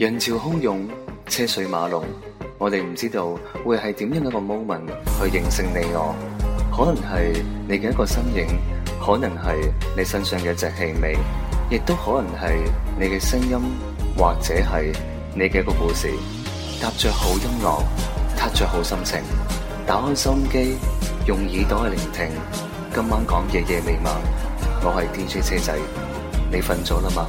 人潮洶湧，車水馬龍，我哋唔知道會係點樣一個 moment 去認識你我，可能係你嘅一個身影，可能係你身上嘅一隻氣味，亦都可能係你嘅聲音，或者係你嘅一個故事。搭着好音樂，踏着好心情，打開收音機，用耳朵去聆聽。今晚講嘅夜未晚，我係 DJ 車仔，你瞓咗啦嘛？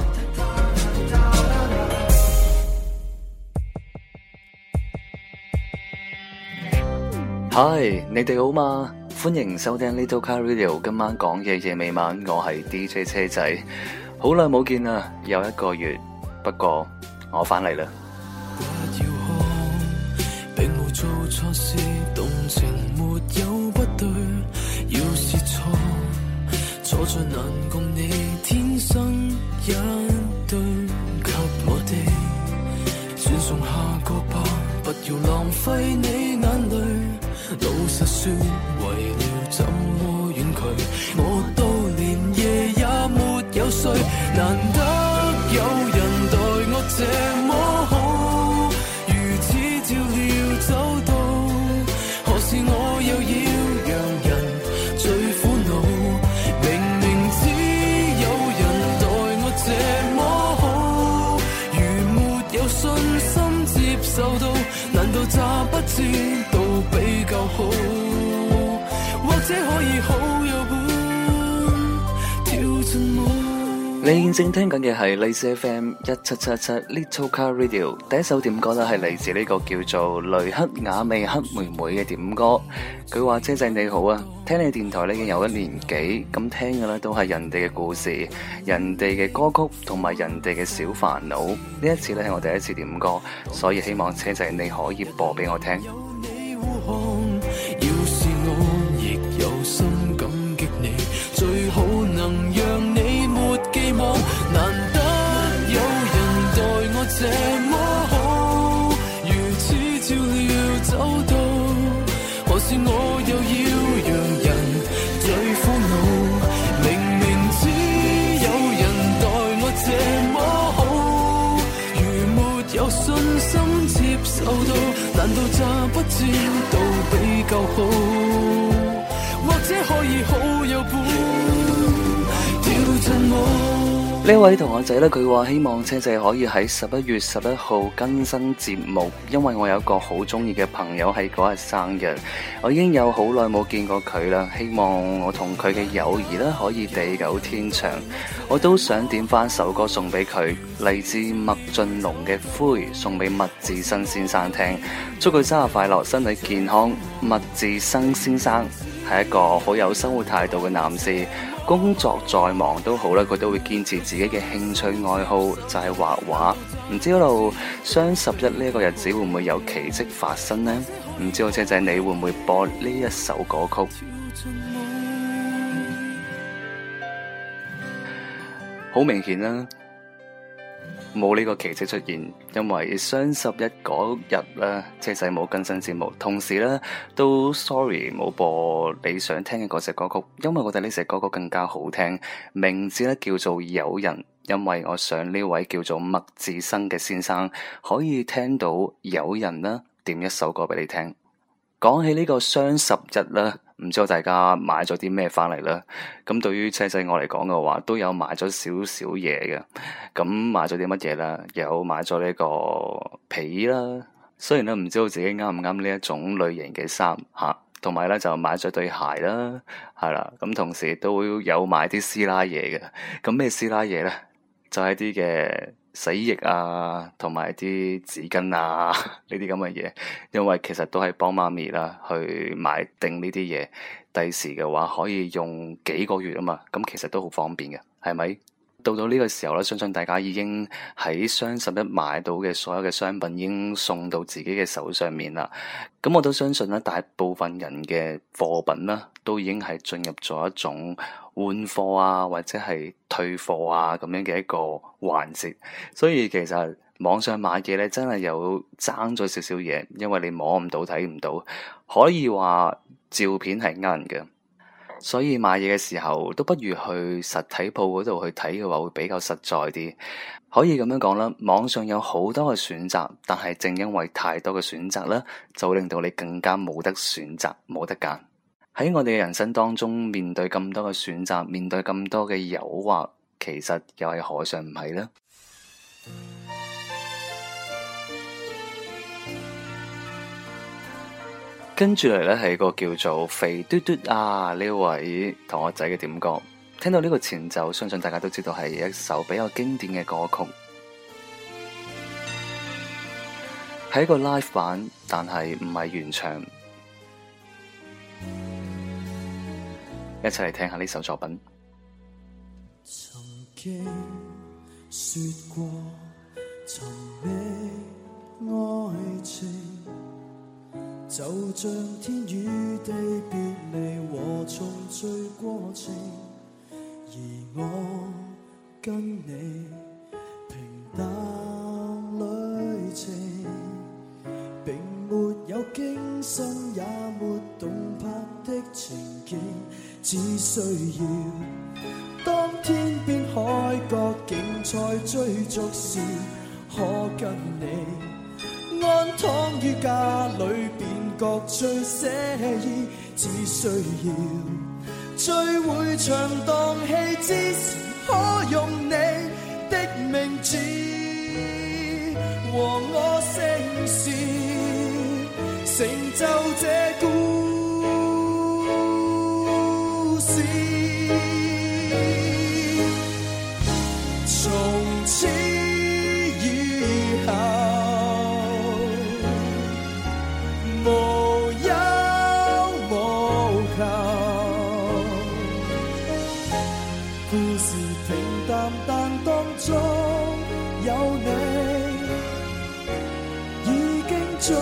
嗨，Hi，你哋好嗎？歡迎收聽 Little Car Radio，今晚講嘅夜，夜未晚，我係 DJ 車仔，好耐冇見啦，又一個月，不過我翻嚟啦。不要哭，並冇做錯事，動情沒有不對，要是錯，錯在難共你天生一對，給我哋，轉送下個吧，不要浪費你眼淚。老實說，為了怎麼遠距，我都連夜也沒有睡。難得有人待我這麼好，如此照料走到，何時我又要讓人最苦惱？明明有人待我這麼好，如沒有信心接受到，難道詐不知？你正，正聽緊嘅係荔枝 FM 一七七七 Little Car Radio，第一首點歌咧係嚟自呢個叫做雷克雅未克妹妹嘅點歌。佢話車仔你好啊，聽你電台咧已經有一年幾，咁聽嘅呢都係人哋嘅故事、人哋嘅歌曲同埋人哋嘅小煩惱。呢一次呢係我第一次點歌，所以希望車仔你可以播俾我聽。不知道比較好，或者可以好有伴。 呢位同學仔咧，佢話希望車仔可以喺十一月十一號更新節目，因為我有一個好中意嘅朋友喺嗰日生日，我已經有好耐冇見過佢啦，希望我同佢嘅友誼咧可以地久天長。我都想點返首歌送俾佢，嚟自麥浚龍嘅《灰》，送俾麥志新先生聽，祝佢生日快樂，身體健康。麥志新先生係一個好有生活態度嘅男士。工作再忙都好啦，佢都會堅持自己嘅興趣愛好，就係畫畫。唔知道嗰度雙十一呢一個日子會唔會有奇蹟發生呢？唔知道我姐仔你會唔會播呢一首歌曲？好、嗯、明顯啦、啊。冇呢個奇跡出現，因為雙十一嗰日咧，車仔冇更新節目，同時咧都 sorry 冇播你想聽嘅嗰隻歌曲，因為我哋呢隻歌曲更加好聽，名字咧叫做有人，因為我想呢位叫做麥智生嘅先生可以聽到有人咧點一首歌俾你聽。講起呢個雙十一咧。唔知道大家買咗啲咩翻嚟啦，咁對於車仔我嚟講嘅話，都有買咗少少嘢嘅，咁買咗啲乜嘢咧？有買咗呢個被啦，雖然咧唔知道自己啱唔啱呢一種類型嘅衫嚇，同埋咧就買咗對鞋啦，係啦，咁同時都有買啲師奶嘢嘅，咁咩師奶嘢咧？就係啲嘅。洗液啊，同埋啲紙巾啊，呢啲咁嘅嘢，因為其實都係幫媽咪啦，去買定呢啲嘢，第時嘅話可以用幾個月啊嘛，咁其實都好方便嘅，係咪？到到呢個時候咧，相信大家已經喺雙十一買到嘅所有嘅商品已經送到自己嘅手上面啦。咁我都相信咧，大部分人嘅貨品啦，都已經係進入咗一種換貨啊，或者係退貨啊咁樣嘅一個環節。所以其實網上買嘢咧，真係有爭咗少少嘢，因為你摸唔到、睇唔到，可以話照片係啱嘅。所以買嘢嘅時候，都不如去實體鋪嗰度去睇嘅話，會比較實在啲。可以咁樣講啦，網上有好多嘅選擇，但係正因為太多嘅選擇呢，就令到你更加冇得選擇，冇得揀。喺我哋嘅人生當中，面對咁多嘅選擇，面對咁多嘅誘惑，其實又係何嘗唔係呢？嗯跟住嚟咧，係一個叫做肥嘟嘟啊呢位同學仔嘅點歌。聽到呢個前奏，相信大家都知道係一首比較經典嘅歌曲。係一個 live 版，但係唔係原唱。一齊嚟聽下呢首作品。曾經說過，從未愛情。就像天與地別離和重聚過程，而我跟你平淡旅程，並沒有驚心，也沒動魄的情景，只需要當天邊海角競賽追逐時，可跟你安躺於家裏邊。覺最寫意，只需要聚會場蕩氣之時，可用你的名字和我寫當中有你已經足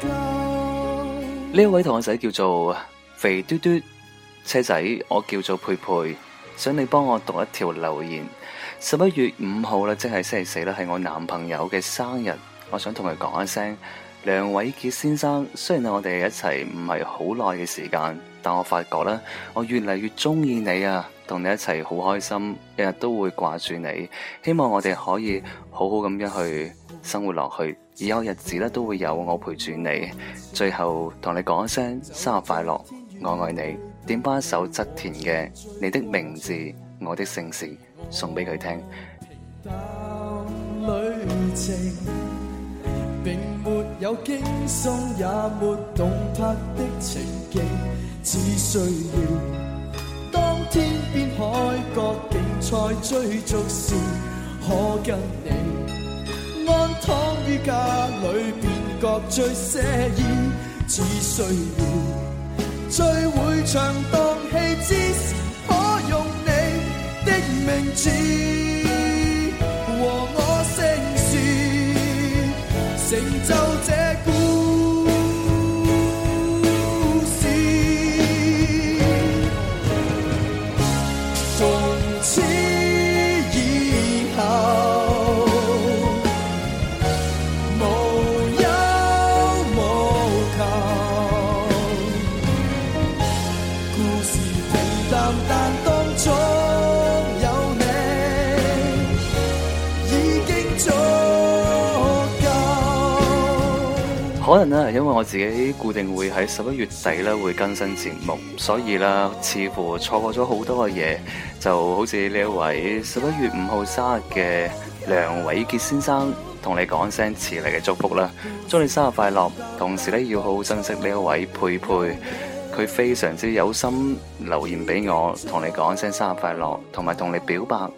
夠。呢位同學仔叫做肥嘟嘟車仔，我叫做佩佩，想你幫我讀一條留言。十一月五號啦，即係星期四啦，係我男朋友嘅生日，我想同佢講一聲梁偉傑先生。雖然我哋一齊唔係好耐嘅時間。但我發覺咧，我越嚟越中意你啊同你一齊好開心，日日都會掛住你。希望我哋可以好好咁樣去生活落去，以後日子咧都會有我陪住你。最後同你講一聲生日快樂，我愛，愛你。點翻一首側田嘅《你的名字，我的姓氏》送俾佢聽。平淡只需要當天邊海角競賽追逐時，可跟你安躺於家裏便覺最寫意。只需要最會唱蕩氣之時，可用你的名字和我姓氏成就這。因為我自己固定會喺十一月底咧會更新節目，所以啦，似乎錯過咗好多嘅嘢，就好似呢一位十一月五號生日嘅梁偉杰先生，同你講聲遲嚟嘅祝福啦，祝你生日快樂。同時咧，要好好珍惜呢一位佩佩，佢非常之有心留言俾我，同你講聲生日快樂，同埋同你表白，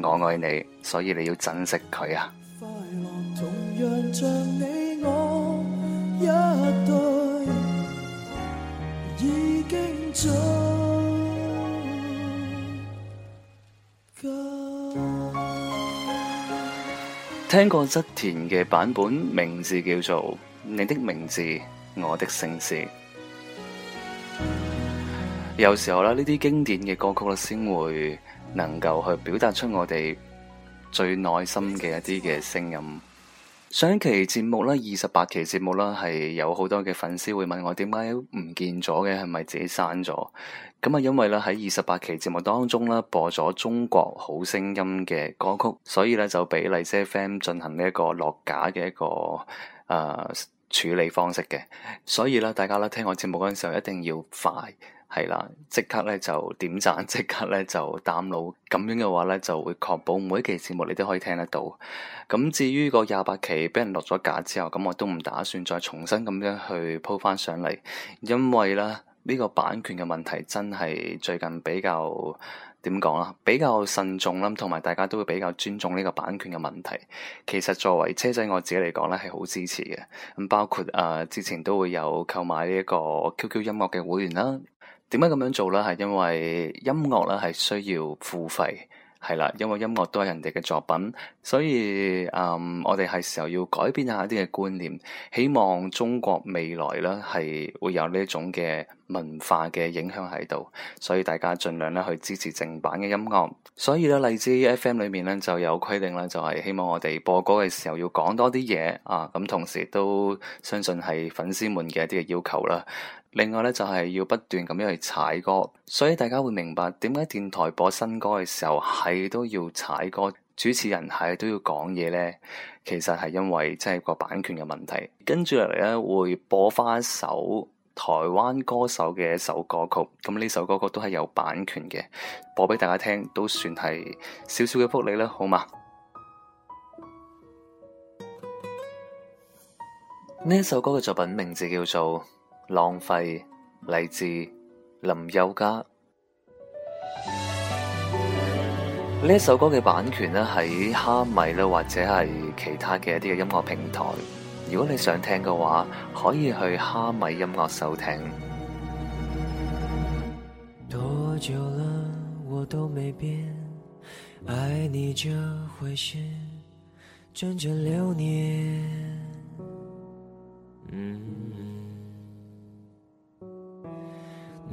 我愛你，所以你要珍惜佢啊！快樂同樣像你一已聽過側田嘅版本，名字叫做《你的名字，我的姓氏》。有時候啦，呢啲經典嘅歌曲先會能夠去表達出我哋最內心嘅一啲嘅聲音。上一期節目咧，二十八期節目啦，係有好多嘅粉絲會問我點解唔見咗嘅，係咪自己刪咗？咁啊，因為咧喺二十八期節目當中咧播咗《中國好聲音》嘅歌曲，所以咧就俾荔枝 FM 進行呢一個落架嘅一個誒、呃、處理方式嘅，所以咧大家咧聽我節目嗰陣時候一定要快。係啦，即刻咧就點讚，即刻咧就打腦，咁樣嘅話咧就會確保每一期節目你都可以聽得到。咁至於個廿八期俾人落咗架之後，咁我都唔打算再重新咁樣去鋪翻上嚟，因為咧呢、呢個版權嘅問題真係最近比較點講啦，比較慎重啦，同埋大家都會比較尊重呢個版權嘅問題。其實作為車仔我自己嚟講咧係好支持嘅，咁包括啊、呃、之前都會有購買呢一個 QQ 音樂嘅會員啦。點解咁樣做呢？係因為音樂咧係需要付費，係啦，因為音樂都係人哋嘅作品，所以誒、嗯，我哋係時候要改變一下一啲嘅觀念，希望中國未來呢係會有呢一種嘅文化嘅影響喺度，所以大家盡量咧去支持正版嘅音樂。所以咧，荔枝 FM 裏面呢就有規定咧，就係希望我哋播歌嘅時候要講多啲嘢啊，咁同時都相信係粉絲們嘅一啲嘅要求啦。另外咧，就係要不斷咁樣去踩歌，所以大家會明白點解電台播新歌嘅時候，係都要踩歌，主持人係都要講嘢咧。其實係因為即係個版權嘅問題。跟住落嚟咧，會播翻一首台灣歌手嘅一首歌曲。咁呢首歌曲都係有版權嘅，播俾大家聽都算係少少嘅福利啦，好嘛？呢一首歌嘅作品名字叫做。浪費，嚟自林宥嘉。呢首歌嘅版權咧，喺蝦米啦，或者係其他嘅一啲嘅音樂平台。如果你想聽嘅話，可以去蝦米音樂收聽。多久了，我都沒變，愛你這回事，轉轉流年。嗯。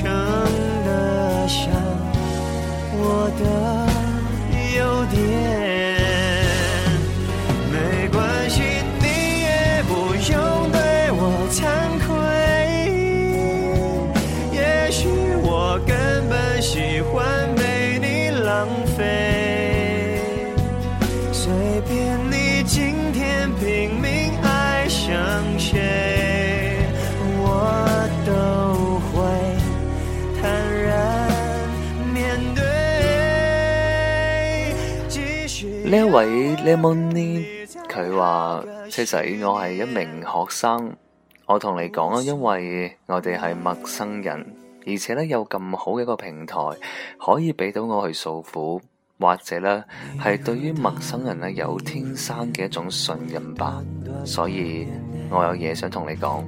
真的想我的。因為 Lemon 佢話車仔，ine, 我係一名學生，我同你講啊，因為我哋係陌生人，而且咧有咁好嘅一個平台，可以俾到我去訴苦，或者咧係對於陌生人咧有天生嘅一種信任吧，所以我有嘢想同你講。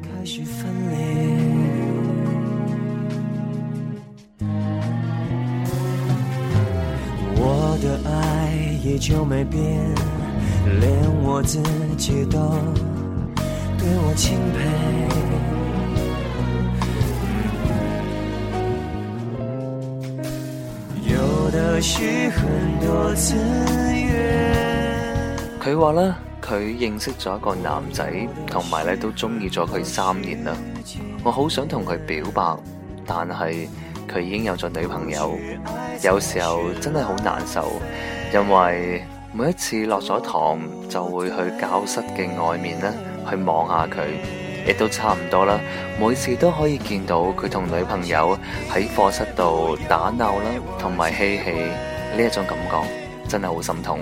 佢話咧，佢認識咗一個男仔，同埋咧都中意咗佢三年啦。我好想同佢表白，但係佢已經有咗女朋友，有時候真係好難受。因為每一次落咗堂，就會去教室嘅外面呢，去望下佢，亦都差唔多啦。每次都可以見到佢同女朋友喺課室度打鬧啦，同埋嬉戲呢一種感覺，真係好心痛。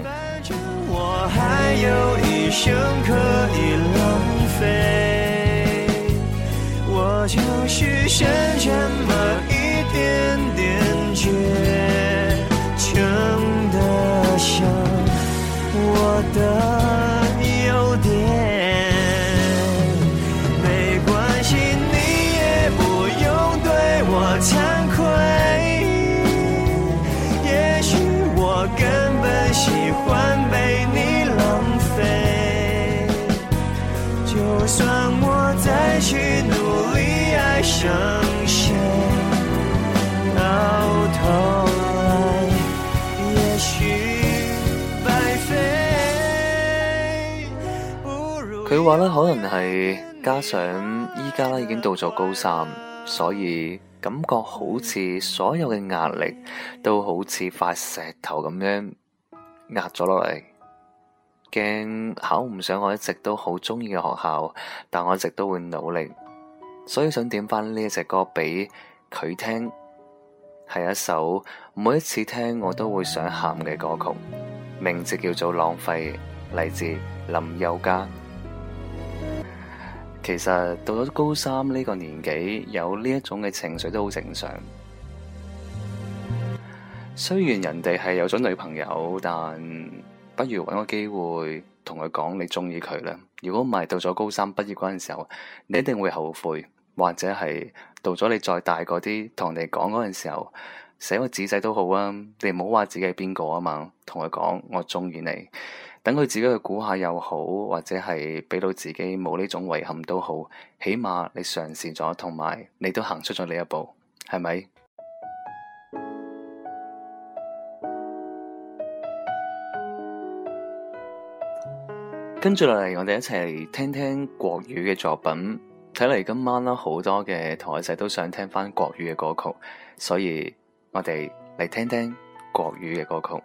我的。可能係加上依家已經到咗高三，所以感覺好似所有嘅壓力都好似塊石頭咁樣壓咗落嚟，驚考唔上我一直都好中意嘅學校，但我一直都會努力，所以想點翻呢一隻歌俾佢聽，係一首每一次聽我都會想喊嘅歌曲，名字叫做《浪費》，嚟自林宥嘉。其實到咗高三呢個年紀，有呢一種嘅情緒都好正常。雖然人哋係有咗女朋友，但不如揾個機會同佢講你中意佢啦。如果唔係到咗高三畢業嗰陣時候，你一定會後悔，或者係到咗你再大嗰啲同人哋講嗰陣時候，寫個紙仔都好啊。你唔好話自己係邊個啊嘛，同佢講我中意你。等佢自己去估下又好，或者係俾到自己冇呢種遺憾都好，起碼你嘗試咗，同埋你都行出咗呢一步，係咪？跟住落嚟， 我哋一齊嚟聽聽國語嘅作品。睇嚟，今晚啦，好多嘅同學仔都想聽翻國語嘅歌曲，所以我哋嚟聽聽國語嘅歌曲。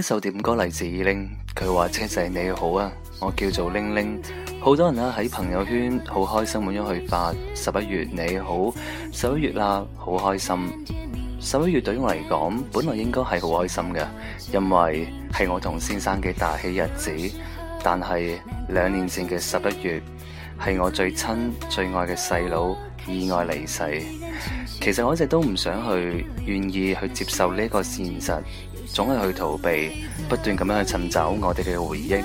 一首點歌嚟自伊玲，佢話：車仔你好啊，我叫做玲玲。好多人啦喺朋友圈好開心咁樣去發十一月你好，十一月啦好開心。十一月對我嚟講，本來應該係好開心嘅，因為係我同先生嘅大喜日子。但係兩年前嘅十一月，係我最親最愛嘅細佬意外離世。其實我一直都唔想去，願意去接受呢個現實。總係去逃避，不斷咁樣去尋找我哋嘅回憶，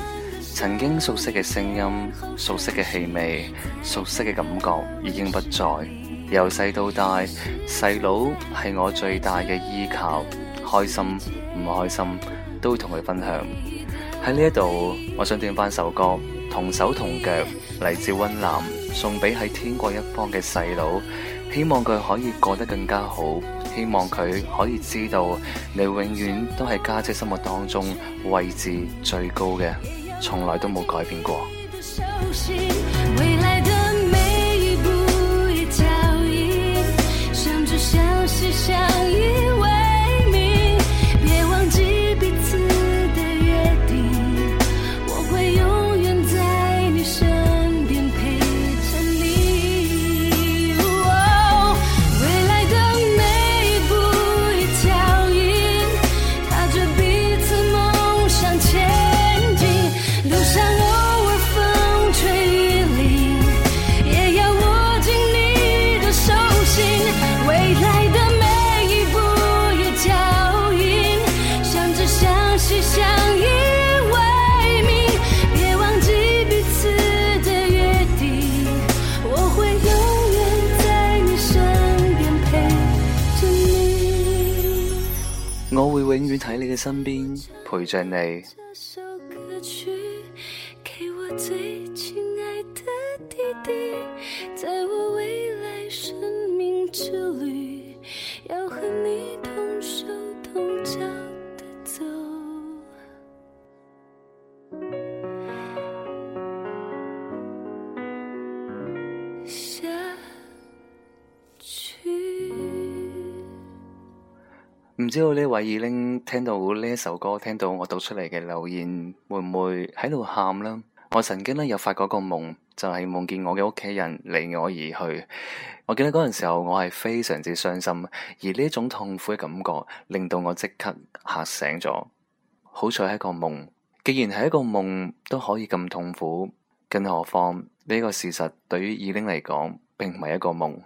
曾經熟悉嘅聲音、熟悉嘅氣味、熟悉嘅感覺已經不在。由細到大，細佬係我最大嘅依靠，開心唔開心都會同佢分享。喺呢一度，我想聽翻首歌《同手同腳》，嚟自溫嵐，送俾喺天國一方嘅細佬。希望佢可以過得更加好，希望佢可以知道你永遠都係家姐心目當中位置最高嘅，從來都冇改變過。永遠喺你嘅身邊，陪着你。唔知道呢位二玲聽到呢首歌，聽到我讀出嚟嘅留言，會唔會喺度喊啦？我曾經咧有發過個夢，就係、是、夢見我嘅屋企人離我而去。我記得嗰陣時候，我係非常之傷心，而呢種痛苦嘅感覺令到我即刻吓醒咗。好彩係一個夢，既然係一個夢都可以咁痛苦，更何況呢、這個事實對於二玲嚟講，並唔係一個夢。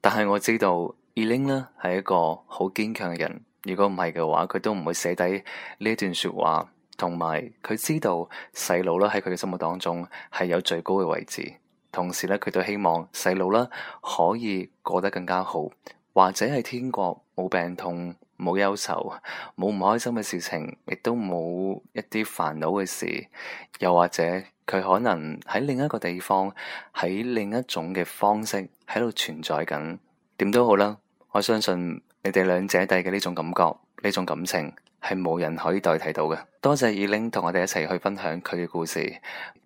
但係我知道二玲咧係一個好堅強嘅人。如果唔係嘅話，佢都唔會寫低呢段說話，同埋佢知道細佬啦喺佢嘅心目當中係有最高嘅位置。同時咧，佢都希望細佬啦可以過得更加好，或者係天國冇病痛、冇憂愁、冇唔開心嘅事情，亦都冇一啲煩惱嘅事。又或者佢可能喺另一個地方，喺另一種嘅方式喺度存在緊。點都好啦，我相信。你哋兩姐弟嘅呢種感覺，呢種感情，係冇人可以代替到嘅。多謝以玲同我哋一齊去分享佢嘅故事。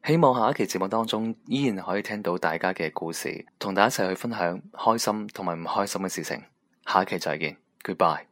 希望下一期節目當中依然可以聽到大家嘅故事，同大家一齊去分享開心同埋唔開心嘅事情。下一期再見，Goodbye。